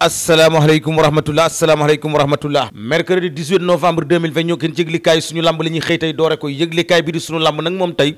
asalaamaaleykum wa rahmatullah asalaamaaleykum wa rahmatullah mercredi 18 novembre 2020 ñoo kenn yëglikaay suñu lamb la ñuy xëy tey doore ko yëglikaay bi di suñu lamb nag moom tey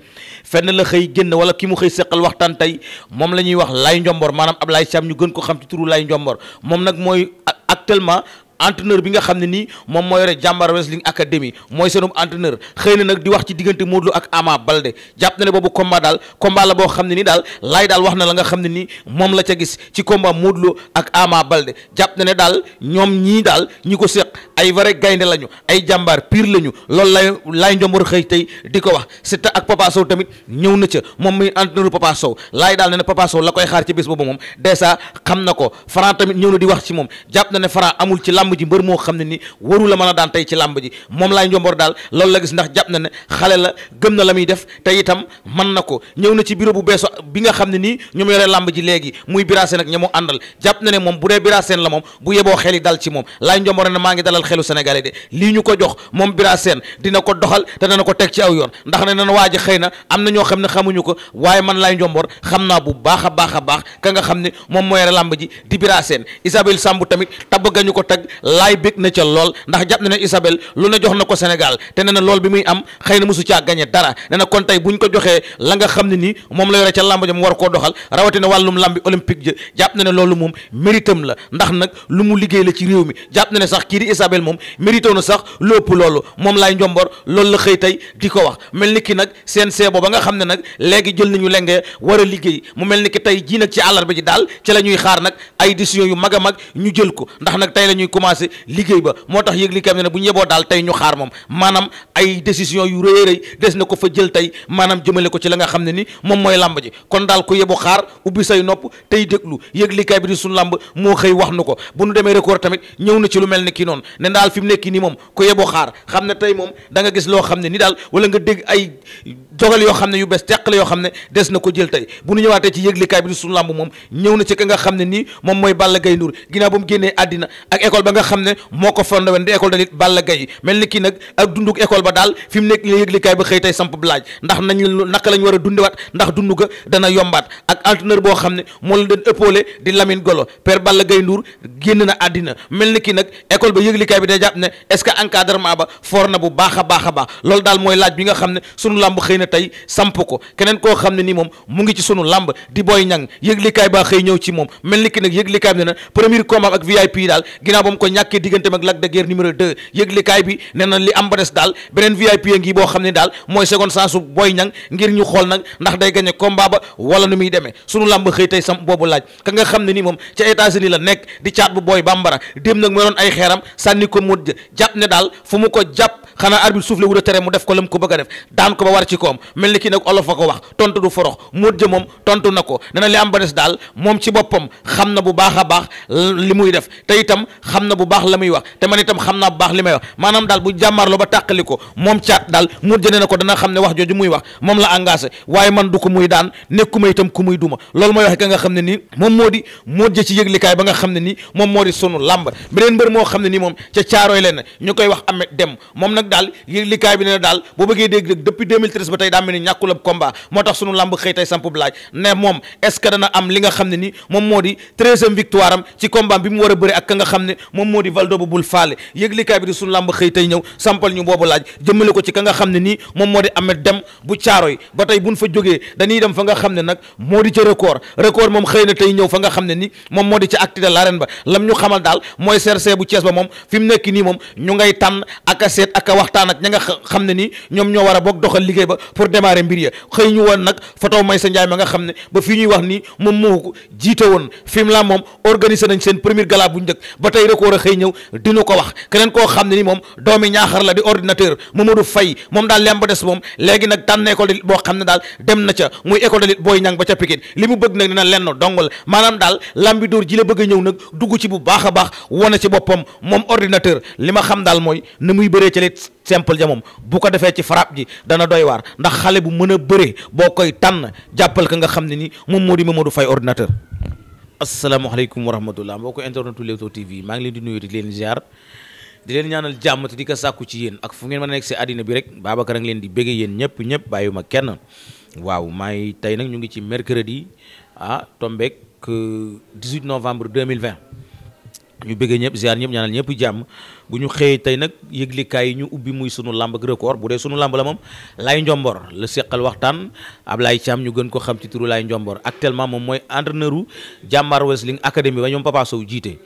fenn la xëy génn wala ki mu xëy seqal waxtaan tey moom la ñuy wax Laye Ndiombor maanaam Ablaye Thiam ñu gën ko xam ci turu Laye Ndiombor moom nag mooy actuellement entraîneur bi nga xam ne nii moom moo yore jàmbaar wrestling academy mooy seenum entraîneur xëy na nag di wax ci diggante Modou Lo ak Ama Baldé jàpp na ne boobu combat daal combat la boo xam ne nii daal laay daal wax na la nga xam ne nii moom la ca gis ci combat Modou Lo ak Ama Baldé jàpp na ne daal ñoom ñii daal ñi ko seq kat ay vrai gaynde lañu ay jàmbaar pire lañu loolu lay laay njomboor xëy tey di ko wax Siteu ak Papa Sow tamit ñëw na ca moom muy entraîneur Papa Sow laay daal ne ne Papa Sow la koy xaar ci bés boobu moom dèjà xam na ko Franc tamit ñëw na di wax ci moom jàpp na ne ci làmb ji mbër moo xam ne ni waru la mën a daan tey ci làmb ji moom laay njomboor daal loolu la gis ndax jàpp na ne xale la gëm na la muy def te itam mën na ko ñëw na ci bureau bu beeso bi nga xam ne nii ñoom yore làmb ji léegi muy biraaseen ak ña mu àndal jàpp na ne moom bu dee biraaseen la moom bu yeboo ngi dalal xelu sénégalais de lii ñu ko jox moom Bira Sène dina ko doxal te dana ko teg ci aw yoon ndax ne nan waa ji am na ñoo xam ne xamuñu ko waaye man laay njomboor xam naa bu baax a baax a baax ka nga xam ne moom moo yore làmb ji di Bira Sène Isabelle Samb tamit tabb ga ñu ko teg laay bég na ca lool ndax jàpp na ne lu ne jox na ko Sénégal te ne na lool bi muy am xëy na mosu caa gagné dara ne na kon tey bu ñu ko joxee la nga xam ne nii moom la yore ca làmb ja mu war koo doxal rawatina wàllum làmbi olympique ja jàpp na ne loolu moom méritam la ndax nag lu mu liggéey la ci réew mi jàpp na ne sax kii Seydi Isabel moom mérité na sax lépp loolu moom laay njombor loolu la xëy tey di ko wax mel ni ki nag CNG booba nga xam ne nag léegi jël nañu lenge war a liggéey mu mel ni ki tey jii nag ci àllarba ji daal ci la xaar nag ay décision yu mag a mag ñu jël ko ndax nag tey la ñuy liggéey ba moo tax yëg li kam ne ne bu ñu yeboo daal tey ñu xaar moom maanaam ay décision yu rëy rëy ko la nga xam ne ni suñu làmb moo xëy wax nu ko bu ñu demee record tamit ñëw na ci lu mel ni ki noonu waxoon ne daal fi mu nekk nii moom ku yeboo xaar xam ne tey moom da gis loo xam ne ni daal wala nga dégg ay dogal yoo xam ne yu bees teq la yoo xam ne des na ko jël tey bu nu ñëwaatee ci yëglikaay bi di suñu làmb moom ñëw na ci ka nga xam ne nii moom mooy Balla Gaye Ndour ginnaaw ba mu génnee àddina ak xam ne moo ko fondé mel ni kii nag ak dundug école ba daal fi mu nekk nii yëglikaay ba xëy tey samp blaaj ndax nañ naka la ñu war a dundewaat ndax dund ga dana yombaat ak entraîneur boo xam ne moo la doon ëppoole di Lamine Golo père Balla Gaye Ndour génn na àddina mel ni kii nag école ba yëglikaay bi day jàpp ne est-ce que encadrement a a baax loolu daal mooy laaj bi nga xam ne sunu làmb xëy na tey samp ko keneen koo xam ne nii moom mu ngi ci sunu làmb di booy ñang yëglikaay baa xëy ñëw ci moom mel ni ki nag yëglikaay bi ne na premier combat ak VIP daal ginnaaw ba mu ko ñàkkee digganteem ak Lac de Guerre numéro 2 yëglikaay bi ne na li am ba des daal beneen VIP a ngi boo xam ne daal mooy seconde chance su booy ñang ngir ñu xool nag ndax day gagné combat ba wala nu muy demee sunu làmb xëy tey samp boobu laaj ka nga xam ne ni moom ca États-Unis la nekk di caat bu booy bambara démb nag mooy doon ay xeeram sànni ko mu jàpp ne daal fu mu ko jàpp xanaa arbitre suuf la wut a tere mu def ko lam ko bëgg a def daan ko ba war ci koom mel ni kii nag olof a ko wax tontu du forox móot ja moom tontu na ko nee am ba daal moom ci boppam xam na bu baax a baax li muy def te itam xam na bu baax la muy wax te man itam xam naa bu baax li may wax maanaam daal bu jàmmaarloo ba tàqali ko moom caat daal móot ja na ko dana xam ne wax jooju muy wax moom la engagé waaye man du ko muy daan nekkuma itam ku muy duma loolu mooy waxe ka nga xam ne nii moom moo di móot ja ba nga xam ne nii moom moo di sunu làmb beneen mbër moo xam ne nii moom ca caarooy leen ñu koy wax ame dem moom nag nag daal yéen bi ne daal boo bëggee dégg dëgg depuis 2013 ba tey daa mel ni ñàkkul ab combat moo tax sunu làmb xëy tey sampub ñu boobu laaj jëmmale ko ci ka nga xam ne nii moom moo di ca record record moom xëy na tey ñëw fa nga xam ne ni moom moo di ca acte de ba lam ñu xamal daal mooy CRC bu Thiès ba moom fi nekk nii moom ñu ngay tànn ak seet ak a waxtaan ak ña nga xam ne nii ñoom ñoo war a bokk doxal liggéey ba pour démarrer mbir ya xëy ñu woon nag photo Maysa Ndiaye ma nga xam ne ba fii ñuy wax nii moom moo ko jiite woon film la moom organisé a xëy ñëw dina ko wax keneen koo xam ne doomi ñaaxar la di ordinateur Mamadou Faye moom daal lem ba des moom léegi nag tànn école de boo xam ne daal dem na ca muy école de lutte booy ñang ba ca Pikine li mu bëgg nag na lenn dongal maanaam daal lambi dóor ji la bëgg a ñëw nag dugg ci bu baax a baax wane ci boppam moom li ma xam daal mooy simple ja moom bu ko defee ci frappe ji dana doy waar ndax xale bu mën a bëre boo koy tànn jàppal ka nga xam ne ni moom moo di ma Mamadou fay ordinateur. asalaamaaleykum wa rahmatullah mboo ko internetu Leewtoo TV maa ngi leen di nuyu di leen ziar di leen ñaanal jàmm te di ko sàkku ci yéen ak fu ngeen mën nekk si àddina bi rek Babacar a ngi leen di bëgge yéen ñëpp ñëpp bàyyiwuma kenn waaw maa ngi tey nag ñu ngi ci mercredi ah tombeek 18 euh, novembre mille 2020 ñu bëggee ñëpp ziar ñëpp ñaanal ñëpp jàmm bu ñu xëyee tey nag yëglikaay yi ñu ubbi muy sunu làmb ak bu dee sunu làmb la moom Laye Ndiombor la seqal waxtaan Ablaye Thiam ñu gën ko xam ci turu Laye Ndiombor actuellement moom mooy entraîneur u Jàmbaar Wrestling Academy ba ñoom Papa Sow jiite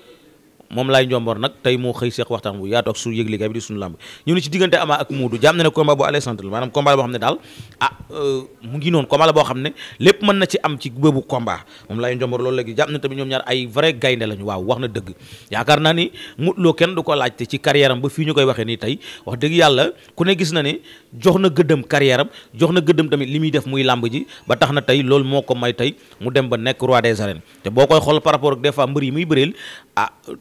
moom laay njomboor nag tey moo xëy seex waxtaan bu yaatu ak su yëglikaay bi di suñu làmb ñu ne ci diggante Ama ak Modou jàmm ne combat bu aller centre maanaam combat boo xam ne daal ah euh, mu ngi noonu combat la boo xam ne lépp mën na ci am ci bébu combat moom laay njomboor loolu léegi jàmm na tamit ñoom ñaar ay vrai gaynde lañu waaw wax na dëgg yaakaar naa ni Modou Lo kenn du ko laajte ci carrière am ba fii ñu koy waxee nii tey wax dëgg yàlla ku ne gis na ne jox na gëddëm carrière am jox na gëddëm tamit li muy def muy làmb ji ba tax na tey loolu moo ko may tey mu dem ba nekk roi des arènes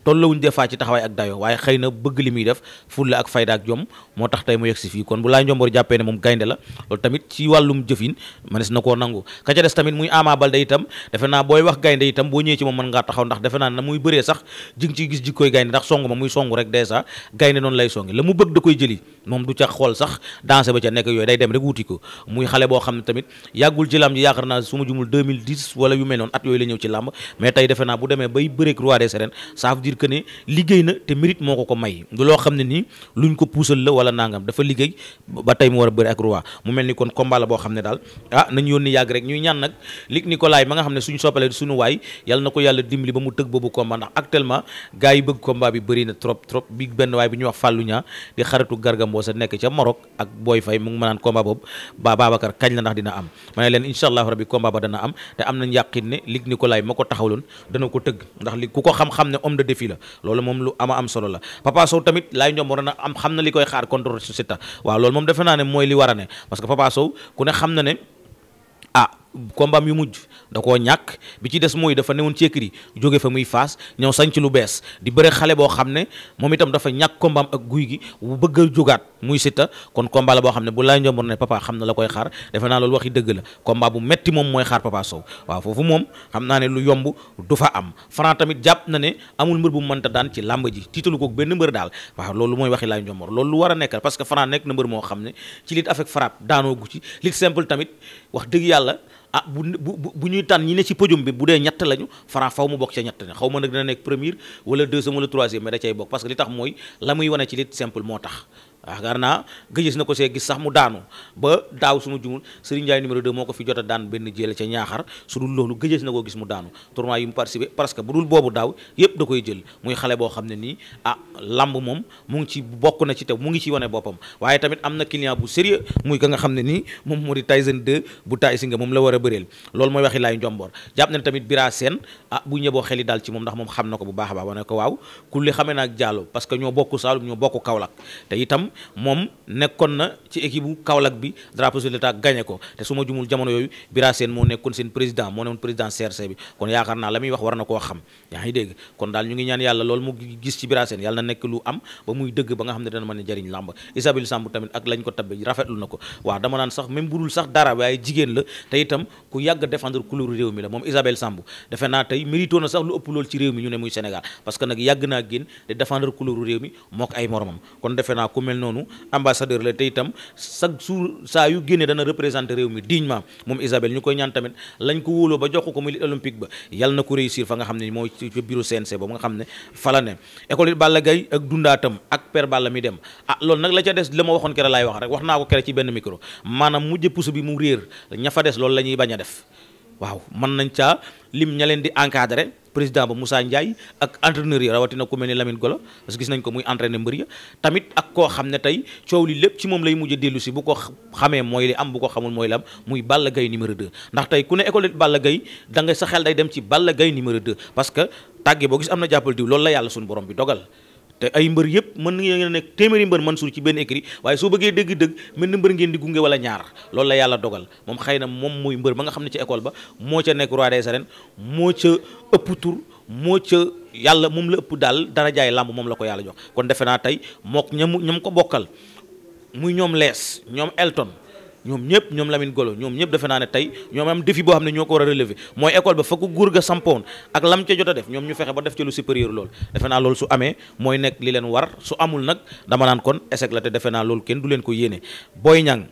te tollawuñ des fois ci taxawaay ak dayo waaye xëy na bëgg li muy def fulla ak fayda ak moo tax tey mu yegg si fii kon bu laay njomboor jàppee ne moom gaynde la loolu tamit ci wàllum jëfin manes na taxaw ndax defe naa muy bëree sax jing ci gis jikkooy gaynde ndax song ma muy song rek dèjà gaynde noonu lay songi la mu bëgg da koy jëli moom du ca xool sax dansé ba ca nekk yooyu day dem rek wuti ko muy xale boo xam ne tamit yàggul ci lamb ji naa su ne liggéey na te mérite moo ko ko may du loo xam ne nii luñ ko puusal la wala nangam dafa liggéey ba tey mu war a bëri ak roi mu mel ni kon combat la boo xam ne daal ah nañu yónni yàgg ma nga xam ne suñu soppale suñu waay yàlla na ko yàlla dimbali ba mu tëg boobu ak Boy Faye mu ngi mënaan combat boobu ba Babacar kañ la ndax dina am ma ne leen incha allahu rabbi combat ba dana am am nañ yàqin ne lig Nicolas ma ko taxawloon dana ko tëgg ndax li ku ko xam-xam ne homme de défi la loolu moom lu ama am solo la Papa tamit laay njom na xam na li koy xaar contre Siteu waaw loolu moom defe naa ne mooy li war a ne parce que Papa ku ne xam ne kombaam yu mujj da koo ñàkk bi ci des mooy dafa newoon ci écurie jóge fa muy faas ñëw sañc lu bees di bëre xale boo xam ne moom itam dafa ñàkk kombaam ak guy gi bu bëgg a jógaat muy Siteu kon komba la boo xam ne bu laay njomboor ne papa xam na la koy xaar defe naa loolu waxi dëgg la komba bu metti moom mooy xaar papa Sow waaw foofu moom xam naa ne lu yomb du fa am Franc tamit jàpp na ne amul mbër bu mënta daan ci làmb ji tiitalu ko benn mbër daal waaw loolu mooy waxi laay njomboor loolu lu war a nekk parce que Franc moo xam ne ci tamit wax dëgg yàlla ah bu bu bu ñuy tànn ñi ne ci podium bi bu dee ñett lañu Franc faw mu bokk ca ñett ña xaw ma nag dina nekk premier wala deuxième wala troisième mais da cay bokk parce que li tax mooy la muy wane ci lit simple moo tax yaakaar naa gëjës na ko see gis sax mu daanu ba daaw su ma jumul Serigne Ndiaye numéro 2 moo ko fi jot daan benn jéel ca ñaaxar su dul loolu gëjës na ko gis mu daanu tournoi yi mu parce que bu dul boobu daaw yépp da koy jël muy xale boo xam ne nii ah lamb moom mu ngi ci bokk na ci te mu ngi ci wane boppam waaye tamit am na client bu sérieux muy nga xam ne nii moom moo di Tyson 2 bu Tay Singa moom la war a bëreel loolu mooy waxi laay njomboor jàpp na tamit Bira Sène ah bu ñëboo xeli daal ci moom ndax moom xam na ko bu baax a baax wane ko waaw kulli xamee naak parce que ñoo bokk Saalum ñoo bokk Kaolack te moom nekkoon na ci équipe bu Kaolack bi drapeau de l'état gagné ko te su ma jumul jamono yooyu Bira Sène moo nekkoon seen président moo nekkoon président CRC ne a jariñ làmb Isabelle Samb tamit ak lañ réew mi la moom Isabelle Samb defe naa tey mérito na sax lu ëpp loolu ci réew mi ñu ne muy Sénégal parce que nag yàgg naa génn te défendre couleur réew mi ay moromam kon defe naa ku mel noonu ambassadeur la te itam chaque jour saa yu génnee dana représenter réew mi dignement moom Isabelle ñu koy ñaan tamit lañ ko wóoloo ba jox ko muy olympique ba yàlla na ko réussir fa nga xam ne mooy ci bureau CNC la ak dundaatam ak père Balla mi dem ah loolu nag la ca des la ma waxoon kere laay wax rek wax naa ko kere ci benn micro maanaam mujj pusu bi mu réer ña fa des lool la ñuy bañ a def waaw mën nañ caa lim ña leen di encadrer président ba Moussa Ndiaye ak entraîneur yi rawatina ku mel ni Lamine Golo parce gis nañ ko muy entraîné mbër ya tamit ak koo xam ne tey coow li lépp ci moom lay mujj a dellu si bu ko xamee mooy li am bu ko xamul mooy la am muy Balla Gaye numéro 2 ndax tey ku ne école Balla gay da nga sa xel day dem ci Balla gay numéro 2 parce que tàgge boo gis am na jàppal diw loolu la yàlla sunu borom bi dogal te ay mbër yëpp mën ngeen nekk téeméeri mbër man Mansour ci benn écrit waaye soo bëggee dégg dëgg mel ni mbër ngeen di gunge wala ñaar loolu la yàlla dogal moom xëy na moom muy mbër ba nga xam ne ci école ba moo ca nekk roi des arènes moo ca ëpp tur moo ca yàlla moom la ëpp daal dara jaay làmb moom la ko yàlla jox kon defe naa tey mook ñam ñoom ko bokkal muy ñoom lees ñoom Elton ñoom ñëpp ñoom Lamine Golo ñoom ñëpp defe naa ne tey ñoom am défi boo xam ne ñoo ko war a relever mooy école ba fa ko ga sampoon ak lam ca jot a def ñoom ñu fexe ba def ci lu supérieur lool defe naa loolu su amee mooy nekk li leen war su amul nag dama naan kon échec la te defe naa loolu kenn du leen ko yéene Boy Niang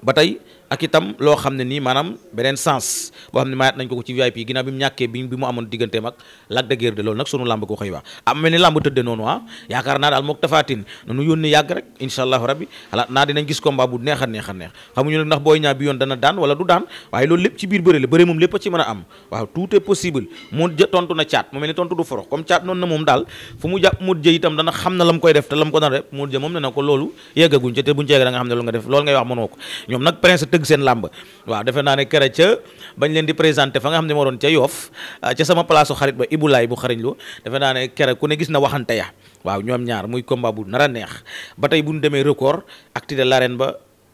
ba tey ak itam loo xam ne nii maanaam beneen sens boo xam ne maayaat nañ ko ko ci VIP ginnaaw bi mu ñàkkee bi mu amoon digganteem ak Lac de Guiers de loolu nag sunu làmb ko xëy wax am mel ni làmb tëdde noonu ah yaakaar naa daal mook tafaatin nanu yónni yàgg rek insha rabbi xalaat naa dinañ gis combat bu neex a neex a nag ndax booy ñaa bi yoon dana daan wala du daan waaye loolu lépp ci biir bëre la bëre moom lépp a ci mën a am waaw tëgg seen làmb waaw defe naa ne kere ca bañ leen di présenté fa nga xam ne moo doon ca Yoff ah, ca sama place xarit ba Ibulaay bu xariñ lu defe naa ne kere ku ne gis na waxante ya waaw ñoom ñaar muy combat bu nar a neex ba tey bu ñu demee record acte de l'arène ba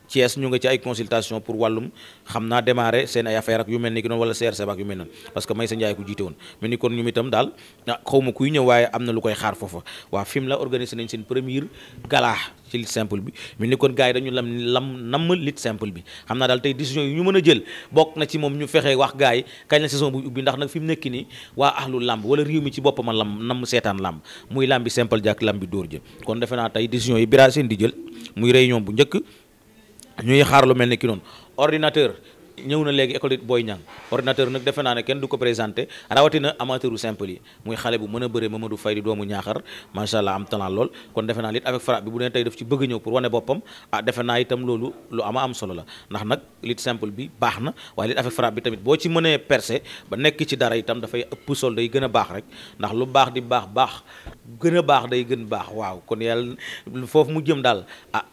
Thiès ñu nga ci ay consultation pour wàllum xam naa démarrer seen ay affaire ak yu mel ni ki noonu wala CRC ak yu mel noonu parce ko jiite woon mais ni kon ñu itam daal ah, xaw kuy ñëw waaye am na lu koy xaar foofa waa film la organisé nañ seen première gala ci lit simple bi mel ni kon gars yi dañu lam lam namm lit simple bi xam naa daal tey décision yi ñu mën a jël bokk na ci moom ñu fexe wax gars yi kañ la saison bu ubbi ndax nag fi mu nekki nii waa ahlu lamb wala réew mi ci boppam a lamb seetaan lamb muy lamb bi simple jàk lamb bi dóor jë kon tey décision yi bira seen di jël muy réunion bu njëkk ñuy xaar lu mel ni ki noonu ordinateur ñëw na léegi école it Boy Niang ordinateur nag defe naa ne kenn du ko présenté rawatina amateur u simple yi muy xale bu mën a bëre Mamadou Faye di doomu ñaaxar macha allah am talent lool kon defe naa lit avec frappe bi bu ne tey def ci bëgg ñëw pour wane boppam ah defe naa itam loolu lu ama am solo la ndax nag lit simple bi baax na waaye lit avec frappe bi tamit boo ci mënee perse ba nekk ci dara itam dafay ëpp sol day gën a baax rek ndax lu baax di baax baax gën a baax day gën baax waaw kon yàlla foofu mu jëm daal ah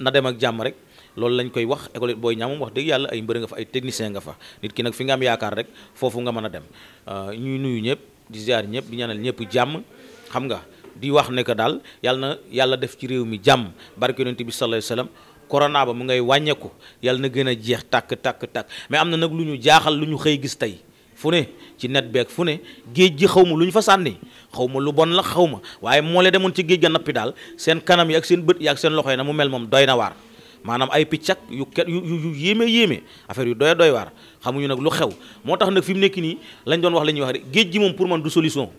na dem ak jàmm rek loolu lañ koy wax école booy ñaa moom wax dëgg yàlla ay mbër nga fa ay technicien nga fa nit ki nag fi nga am yaakaar rek foofu nga mën a dem euh, ñuy nuyu ñëpp di ziar ñëpp di ñanal ñëpp jàmm xam nga di wax ne que daal yàlla na yàlla def ci réew mi jàmm barke bi sallallahu alayhi wasallam corona ba mu ngay wàññeeku yàlla na gën a jeex tàkk tàkk tàkk mais am na nag lu ñu jaaxal lu ñu xëy gis tey fu ne ci net beeg fu ne géej gi xaw ma lu ñu fa sànni xaw ma lu bon la xaw ma waaye moo lee demoon ci géej ga nappi daal seen kanam yi seen bët yi seen loxo yi na mu mel moom doy na maanaam ay picc ak yu kenn yu yu yéeme yéeme affaire yu doy doy waar xamuñu nag lu xew moo tax nag fi mu nekk nii lañ doon wax la ñuy wax rek géej gi moom pour man du solution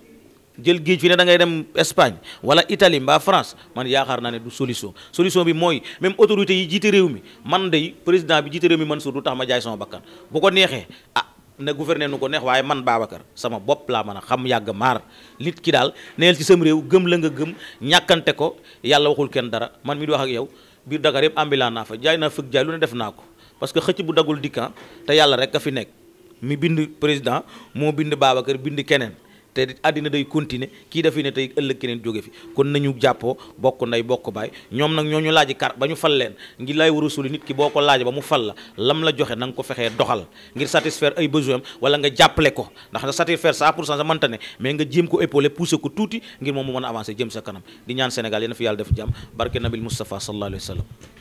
jël géej fi ne da ngay dem Espagne wala Italie mbaa France man yaakaar naa ne du solution solution bi mooy même autorité yi jiite réew mi man dey président bi jiite réew mi Mansour du tax ma jaay sama bakkan bu ko neexee ah na gouverner nu ko neex waaye man Babacar sama bopp laa mën a xam yàgg maar nit ki daal neel ci sam réew gëm la nga gëm ñàkkante ko yàlla waxul kenn dara man mi di wax ak yow biir Dakar yëpp ambulant naa fa jaay naa fëgg jaay lu ne def naa ko parce que xëcc bu dagul dikkan te yàlla rek a fi nekk mi bind président moo bind baaba Babacar bind keneen te àddina day continuer kii dafay ne tey ëllëg keneen jóge fi kon nañu jàppoo bokk nday bokk baay ñoom nag ñoo ñu laaj kar ba ñu fal leen ngir lay war a suuli nit ki boo ko laaj ba mu fal la lam la joxe na nga ko fexee doxal ngir satisfaire ay besoin wala nga jàppale ko ndax na satisfaire cent pour cent sa mënta ne mais nga jéem ko épauler pousser ko tuuti ngir moom mu mën a avancer jëm sa kanam di ñaan Sénégal yéen fi yàlla def jàmm barke nabil Moustapha sallallahu alayhi wa sallam